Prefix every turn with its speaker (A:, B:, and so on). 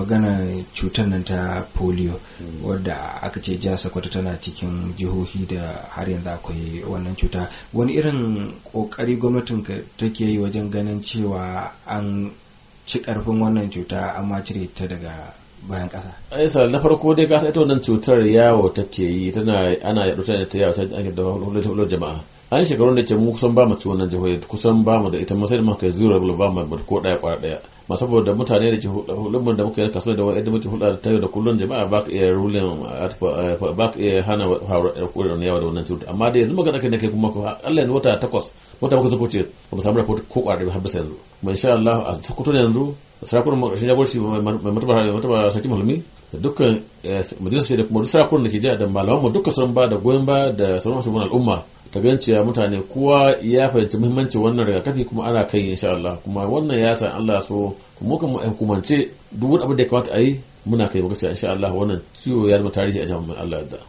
A: magana cutar nan ta polio wadda aka ce jihar sokoto tana cikin jihohi da har yanzu akwai wannan cuta wani irin kokari gwamnatin take yi wajen ganin cewa an ci karfin wannan cuta amma cire ta daga bayan kasa
B: aisa na farko dai kasa ita wannan cutar yawo take yi tana ana yadda ta ta yawo ta ake da hulɗar jama'a an shekarun da ke mu kusan ba mu ci wannan jihohi kusan ba mu da ita masai da muka zura ba mu ko daya kwara d'aya. ma saboda mutane da ke hulɗar da muka yi kasuwa da wani da muke hulɗa ta yau da kullum jama'a ba ka iya rulin ah, ba ka iya hana haɗuwar eh, yawa da wannan cuta amma da yanzu magana kan kai kuma Allah yanzu wata takwas wata bakwai suka wuce ba mu samu rahoto ko ƙwarar har bisa yanzu kuma insha Allah a sakuto yanzu sarakunan ya jagoranci mai mataba sarki musulmi da dukkan eh, majalisar da kuma sarakunan da ke jiya da malaman mu dukkan sun ba da goyon ba da sauran shugaban al'umma ka ya mutane kowa ya fahimci muhimmanci wannan rigakafi kuma ana kai insha Allah kuma wannan ya san Allah so kuma kuma hukumance duk wani abin da ya kamata a yi muna kai muka insha Allah wannan ciwo ya zama tarihi a jami'an Allah da